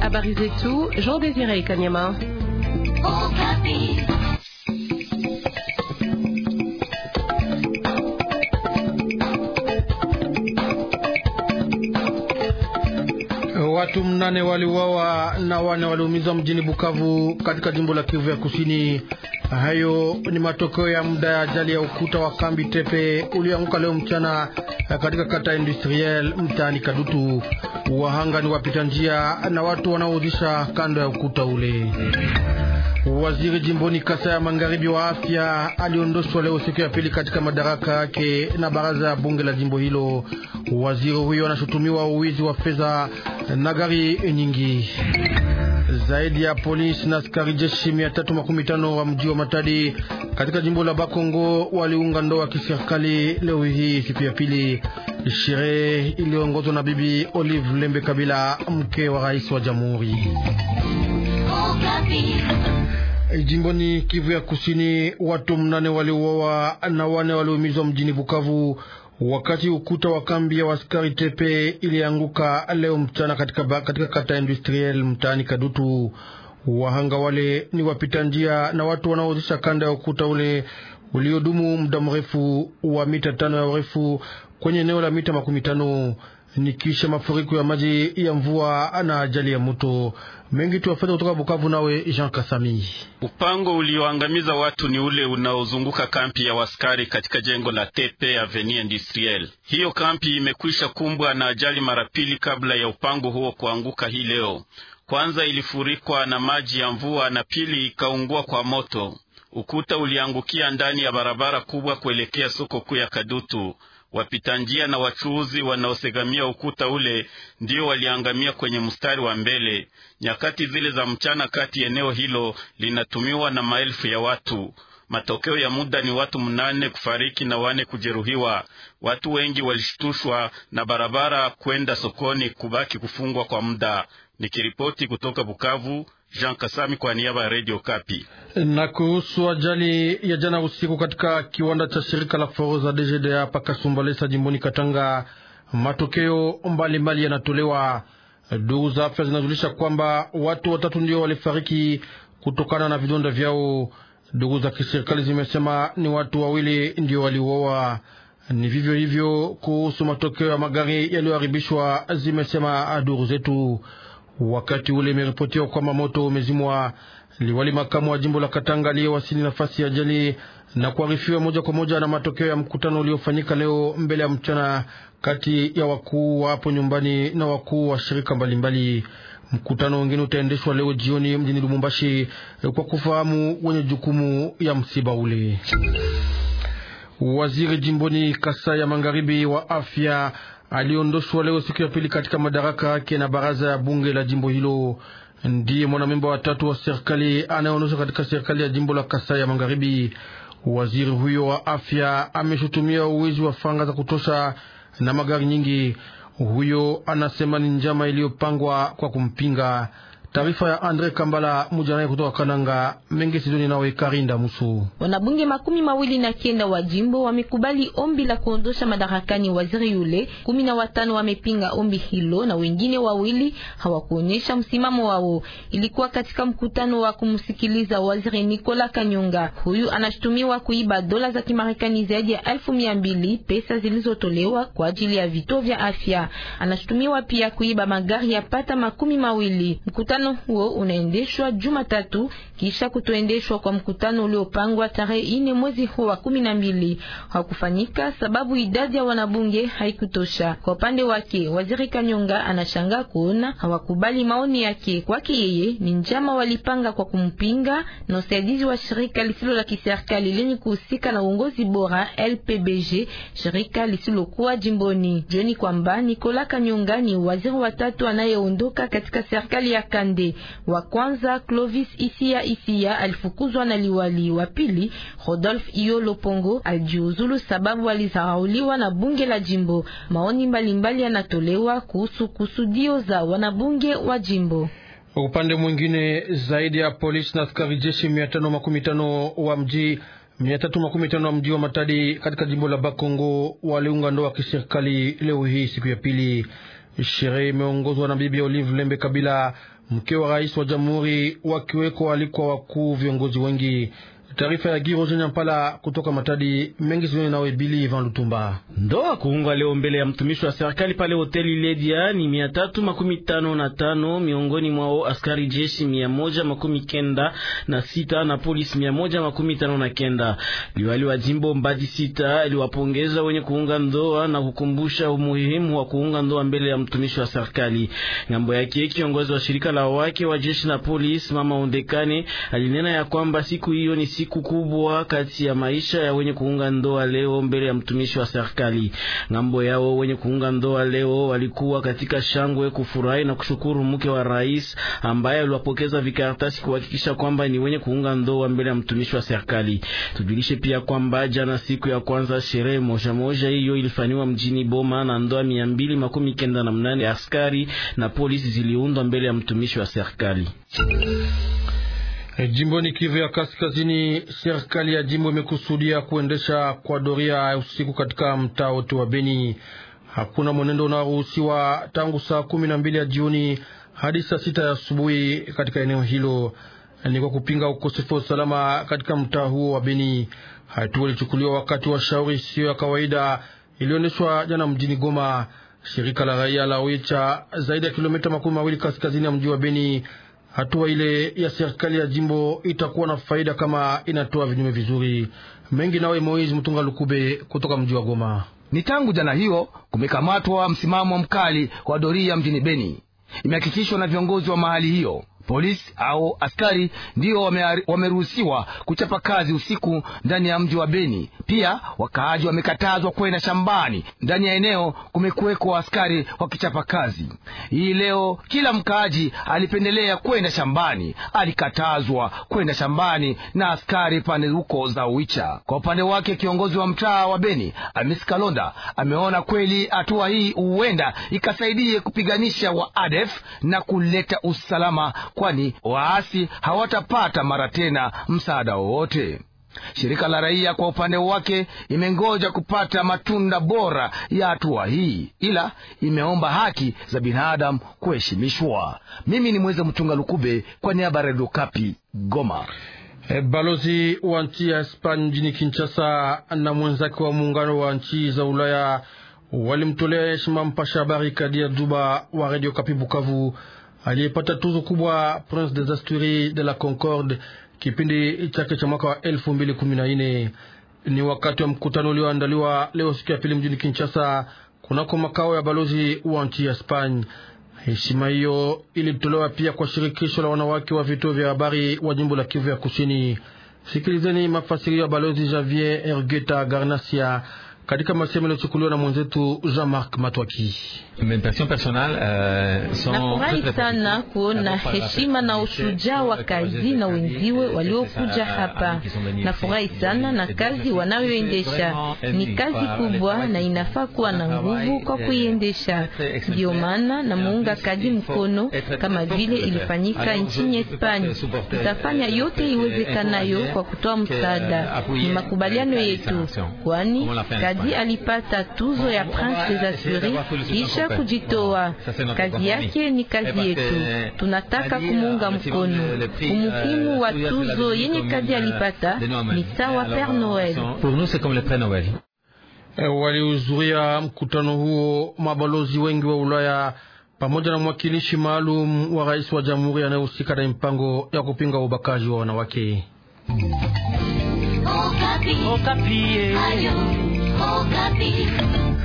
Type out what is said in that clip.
Habari zetu Jean Désiré Kanyama. Watu mnane waliuawa na wane waliumizwa mjini Bukavu katika jimbo la Kivu ya Kusini Hayo ni matokeo ya muda ya ajali ya ukuta wa kambi Tepe ulianguka leo mchana eh, katika kata industriel mtaani Kadutu. Wahanga ni wapita njia na watu wanaouzisha kando ya ukuta ule. Waziri jimboni Kasa ya magharibi wa afya aliondoshwa leo siku ya pili katika madaraka yake na baraza ya bunge la jimbo hilo. Waziri huyo anashutumiwa uwizi wa fedha na gari nyingi zaidi ya polisi na askari jeshi mia tatu makumi tano wa mji wa Matadi katika jimbo la Bakongo waliunga ndoa kiserikali leo hii siku ya pili. Sherehe iliongozwa na bibi Olive Lembe Kabila, mke wa rais wa jamhuri. Jimboni Kivu ya Kusini, watu mnane waliuawa na wane waliumizwa mjini Bukavu wakati ukuta wa kambi ya waskari tepe ilianguka leo mchana katika, katika kata industriel mtaani Kadutu. Wahanga wale ni wapita njia na watu wanaozisha kanda ya ukuta ule uliodumu muda mrefu wa mita tano ya urefu kwenye eneo la mita makumi tano ni kisha mafuriko ya maji ya mvua na ajali ya moto mengi tuwafata kutoka Bukavu. Nawe Jean Kasami, upango ulioangamiza watu ni ule unaozunguka kampi ya waskari katika jengo la Tepe Avenue industriel Hiyo kampi imekwisha kumbwa na ajali mara pili kabla ya upango huo kuanguka hii leo. Kwanza ilifurikwa na maji ya mvua na pili ikaungua kwa moto. Ukuta uliangukia ndani ya barabara kubwa kuelekea soko kuu ya Kadutu. Wapita njia na wachuuzi wanaosegamia ukuta ule ndio waliangamia kwenye mstari wa mbele. Nyakati zile za mchana kati, eneo hilo linatumiwa na maelfu ya watu. Matokeo ya muda ni watu mnane kufariki na wane kujeruhiwa. Watu wengi walishtushwa na barabara kwenda sokoni kubaki kufungwa kwa muda. Nikiripoti kutoka Bukavu, Jean Kasami kwa niaba ya Radio Kapi. Na kuhusu ajali ya jana usiku katika kiwanda cha shirika la Foroza DGDA hapa Kasumbalesa jimboni Katanga, matokeo mbalimbali yanatolewa. Ndugu za afya zinajulisha kwamba watu watatu ndio walifariki kutokana na vidonda vyao. Ndugu za kiserikali zimesema ni watu wawili ndio waliuawa. Ni vivyo hivyo kuhusu matokeo ya magari yaliyoharibishwa, zimesema ndugu zetu. Wakati ule imeripotiwa kwamba moto umezimwa. Liwali makamu wa jimbo la Katanga aliyewasili nafasi ya ajali na kuarifiwa moja kwa moja na matokeo ya mkutano uliofanyika leo mbele ya mchana kati ya wakuu wa hapo nyumbani na wakuu wa shirika mbalimbali mbali. Mkutano wengine utaendeshwa leo jioni mjini Lubumbashi kwa kufahamu wenye jukumu ya msiba ule. Waziri jimboni Kasai ya Magharibi wa afya aliondoshwa leo siku ya pili katika madaraka yake na baraza ya bunge la jimbo hilo. Ndiye mwanamemba wa tatu wa serikali anayeondoshwa katika serikali ya jimbo la Kasai ya Magharibi. Waziri huyo wa afya ameshutumia uwizi wa fanga za kutosha na magari nyingi. Huyo anasema ni njama iliyopangwa kwa kumpinga. Taarifa ya Andre Kambala Mujanaye kutoka Kananga Mengi sizoni nawe Karinda Musu. Wanabunge makumi mawili na kenda wa jimbo wamekubali ombi la kuondosha madarakani waziri yule, kumi na watano wamepinga ombi hilo na wengine wawili hawakuonyesha msimamo wao. Ilikuwa katika mkutano wa kumsikiliza waziri Nikola Kanyonga. Huyu anashutumiwa kuiba dola za Kimarekani zaidi ya elfu mia mbili pesa zilizotolewa kwa ajili ya vituo vya afya. Anashutumiwa pia kuiba magari pata makumi mawili. Mkutano Mkutano huo unaendeshwa Jumatatu kisha kutoendeshwa kwa mkutano uliopangwa tarehe ine mwezi huu wa kumi na mbili hakufanyika sababu idadi ya wanabunge haikutosha. Kwa upande wake, waziri Kanyonga anashangaa kuona hawakubali maoni yake. Kwake yeye ni njama walipanga kwa kumpinga na usaidizi wa shirika lisilo la kiserikali lenye kuhusika na uongozi bora LPBG, shirika lisilokuwa jimboni. Jioni kwamba Nikola Kanyonga ni waziri watatu anayeondoka katika serikali ya Kani upande wa kwanza, Clovis Isia Isia alifukuzwa na liwali. Wa pili, Rodolphe Iolo Pongo alijiuzulu sababu alizahauliwa na bunge la jimbo. Maoni mbalimbali yanatolewa kuhusu kusudio za wanabunge wa jimbo. Upande mwingine, zaidi ya polisi na askari jeshi mia wa mji mia wa mji wa Matadi katika jimbo la Bakongo waliunga ndoa kiserikali leo hii siku ya pili. Sherehe imeongozwa na bibi Olive Lembe Kabila mke wa rais wa jamhuri wakiweko, alikuwa wakuu viongozi wengi Taarifa ya Giro Mpala kutoka Matadi mengi sioni nawe Bili Ivan Lutumba. Ndoa kuungwa leo mbele ya mtumishi wa serikali pale hoteli Ledia ni mia tatu makumi tano na tano miongoni mwao askari jeshi mia moja makumi kenda na sita na polisi mia moja makumi tano na kenda. Liwali wa jimbo Mbadi sita aliwapongeza wenye kuunga ndoa na kukumbusha umuhimu wa kuunga ndoa mbele ya mtumishi wa serikali. Ngambo yake kiongozi wa shirika la wake wa jeshi na polisi Mama Undekane alinena ya kwamba siku hiyo ni siku kubwa kati ya maisha ya wenye kuunga ndoa leo mbele ya mtumishi wa serikali. Ngambo yao wenye kuunga ndoa leo walikuwa katika shangwe kufurahi na kushukuru mke wa rais ambaye aliwapokeza vikaratasi kuhakikisha kwamba ni wenye kuunga ndoa mbele ya mtumishi wa serikali. Tujulishe pia kwamba jana, siku ya kwanza, sherehe moja moja hiyo ilifanywa mjini Boma na ndoa mia mbili makumi kenda na mnane askari na polisi ziliundwa mbele ya mtumishi wa serikali. Eh, Jimboni Kivu ya Kaskazini, serikali ya jimbo imekusudia kuendesha kwa doria ya usiku katika mtaa wote wa Beni. Hakuna mwenendo unaoruhusiwa tangu saa kumi na mbili ya jioni hadi saa sita ya asubuhi katika eneo hilo. Ni kwa kupinga ukosefu wa usalama katika mtaa huo wa Beni. Hatua ilichukuliwa wakati wa shauri siyo ya kawaida iliyoendeshwa jana mjini Goma. Shirika la raia la Oicha, zaidi ya kilomita makumi mawili kaskazini ya mji wa Beni Hatua ile ya serikali ya jimbo itakuwa na faida kama inatoa vinyume vizuri mengi. Nawe Moizi Mtunga Lukube kutoka mji wa Goma. Ni tangu jana hiyo kumekamatwa msimamo mkali wa doria mjini Beni, imehakikishwa na viongozi wa mahali hiyo polisi au askari ndio wameruhusiwa kuchapa kazi usiku ndani ya mji wa Beni. Pia wakaaji wamekatazwa kwenda shambani. Ndani ya eneo kumekuwekwa askari wakichapa kazi. Hii leo kila mkaaji alipendelea kwenda shambani, alikatazwa kwenda shambani na askari pande huko za Uicha. Kwa upande wake, kiongozi wa mtaa wa Beni Amis Kalonda ameona kweli hatua hii huenda ikasaidie kupiganisha wa ADF na kuleta usalama kwani waasi hawatapata mara tena msaada wowote. Shirika la raia kwa upande wake imengoja kupata matunda bora ya hatua hii, ila imeomba haki za binadamu kuheshimishwa. Mimi ni Mweze Mtunga Lukube kwa niaba Redio Kapi, Goma. E, balozi wa nchi ya hispani mjini Kinshasa na mwenzake wa muungano wa nchi za Ulaya walimtolea heshima mpasha habari Kadia duba wa Redio Kapi Bukavu aliyepata tuzo kubwa Prince des Asturies de la Concorde kipindi chake cha mwaka wa 2014 Ni wakati wa mkutano ulioandaliwa leo siku ya pili mjini Kinshasa kunako makao ya balozi wa nchi ya Spain. Heshima hiyo ilitolewa pia kwa shirikisho la wanawake wa vituo vya habari wa jimbo la Kivu ya Kusini. Sikilizeni mafasirio ya balozi Javier Ergueta Garnacia katika masemo yaliyochukuliwa na mwenzetu Jean-Marc Matwaki. Euh, Nafurahi sana kuona heshima na ushujaa wa kazi na wenziwe waliokuja hapa. Nafurahi sana na kazi wanayoendesha, ni kazi kubwa na inafaa kuwa na nguvu kwa kuiendesha. Ndio maana namuunga kazi mkono, kama vile ilifanyika nchini Espanya. Tutafanya euh, yote iwezekanayo kwa kutoa msaada, euh, ni makubaliano yetu, kwani kazi Kadi alipata tuzo ya Prince des Asuri kisha kujitoa. Kazi yake ni kazi eh, yetu, euh, tunataka kumunga euh, mkono. Umuhimu euh, wa tuzo yenye Kadi alipata ni sawa eh, Père Noël eh, walihudhuria mkutano huo mabalozi wengi wa Ulaya pamoja na mwakilishi maalum wa rais wa jamhuri anayehusika na mpango ya kupinga ubakaji wa wanawake. Ocapi.